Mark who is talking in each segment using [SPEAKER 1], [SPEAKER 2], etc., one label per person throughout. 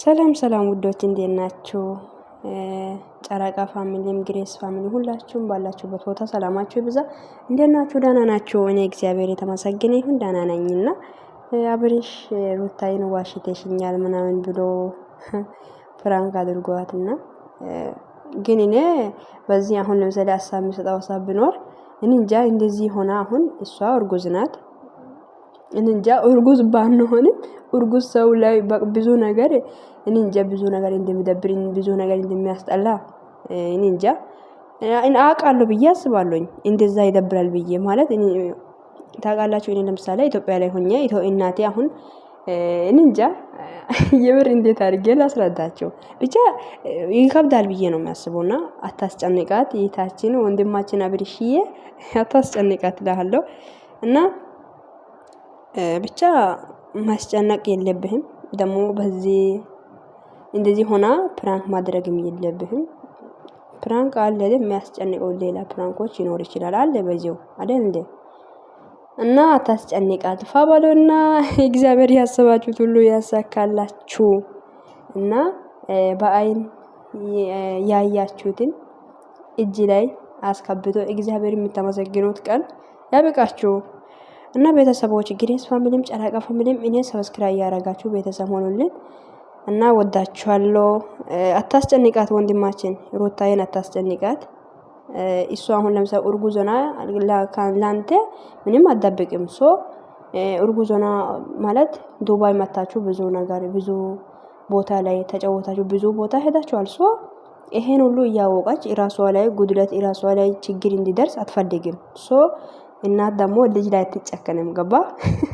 [SPEAKER 1] ሰላም ሰላም ውዶች እንዴት ናችሁ? ጨረቃ ፋሚሊም ግሬስ ፋሚሊ ሁላችሁም ባላችሁበት ቦታ ሰላማችሁ ይብዛ። እንዴት ናችሁ? ዳና ናችሁ? እኔ እግዚአብሔር የተመሰገነ ይሁን ዳና ነኝና አብሬሽ ሩታይን ዋሽተሽኛል ምናምን ብሎ ፍራንክ አድርጓትና ግን እኔ በዚህ አሁን ለምሳሌ ሀሳብ የሚሰጠው ሀሳብ ብኖር እኔ እንጃ እንደዚህ ሆነ። አሁን እሷ እርጉዝ ናት። እንጃ እርጉዝ ባንሆንም እርጉዝ ሰው ላይ ብዙ ነገር እንጃ ብዙ ነገር እንደሚደብር ብዙ ነገር እንደሚያስጠላ እንጃ አውቃለሁ ብዬ አስባለሁኝ። እንደዛ ይደብራል ብዬ ማለት ታውቃላችሁ። እኔ ለምሳሌ ኢትዮጵያ ላይ ሆኜ እናቴ አሁን እንጃ የምር እንዴት አድርጌ ላስረዳቸው ብቻ ይከብዳል ብዬ ነው የሚያስበውና አታስጨንቃት። ይታችን ወንድማችን አብርሽዬ አታስጨንቃት እላለሁ እና ብቻ ማስጨነቅ የለብህም። ደግሞ በዚህ እንደዚህ ሆና ፕራንክ ማድረግም የለብህም። ፕራንክ አለ የሚያስጨንቀው ሌላ ፕራንኮች ይኖር ይችላል። አለ በዚው አደ እንዴ? እና አታስጨንቃት። ፋባሎና እግዚአብሔር ያሰባችሁት ሁሉ ያሳካላችሁ። እና በአይን ያያችሁትን እጅ ላይ አስከብቶ እግዚአብሔር የምታመሰግኑት ቀን ያበቃችሁ። እና ቤተሰቦች ግሬስ ፋሚሊም ጨረቃ ፋሚሊም እኔ ሰብስክራይብ ያደረጋችሁ ቤተሰብ ሆኑልን እና ወዳችኋለሁ። አታስጨንቃት፣ ወንድማችን ሩታዬን አታስጨንቃት። እሱ አሁን ለምሳሌ እርጉዞና ለአንተ ምንም አትደብቅም። ሶ እርጉዞና ማለት ዱባይ መታችሁ ብዙ ነገር ብዙ ቦታ ላይ ተጫወታችሁ ብዙ ቦታ ሄዳችኋል። ሶ ይሄን ሁሉ እያወቀች ራሷ ላይ ጉድለት ራሷ ላይ ችግር እንዲደርስ አትፈልግም ሶ እናት ደግሞ ልጅ ላይ አትጨከንም። ገባ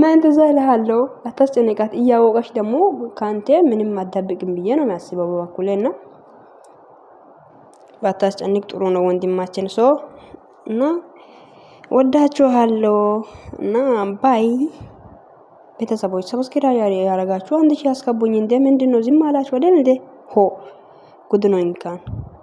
[SPEAKER 1] ምን ትዛ ልሃለው አታስጨንቃት። እያወቀች ደግሞ ከአንቴ ምንም አትደብቅም ብዬ ነው የሚያስበው በበኩሌ እና ባታስጨንቅ ጥሩ ነው ወንድማችን ሶ እና ወዳችኋለሁ እና ባይ ቤተሰቦች ሰብስክራይብ ያረጋችሁ አንድ ሺህ አስገቡኝ። እንዴ ምንድን ነው ዝም አላችሁ ወደ እንዴ ሆ ጉድ ነው እንካን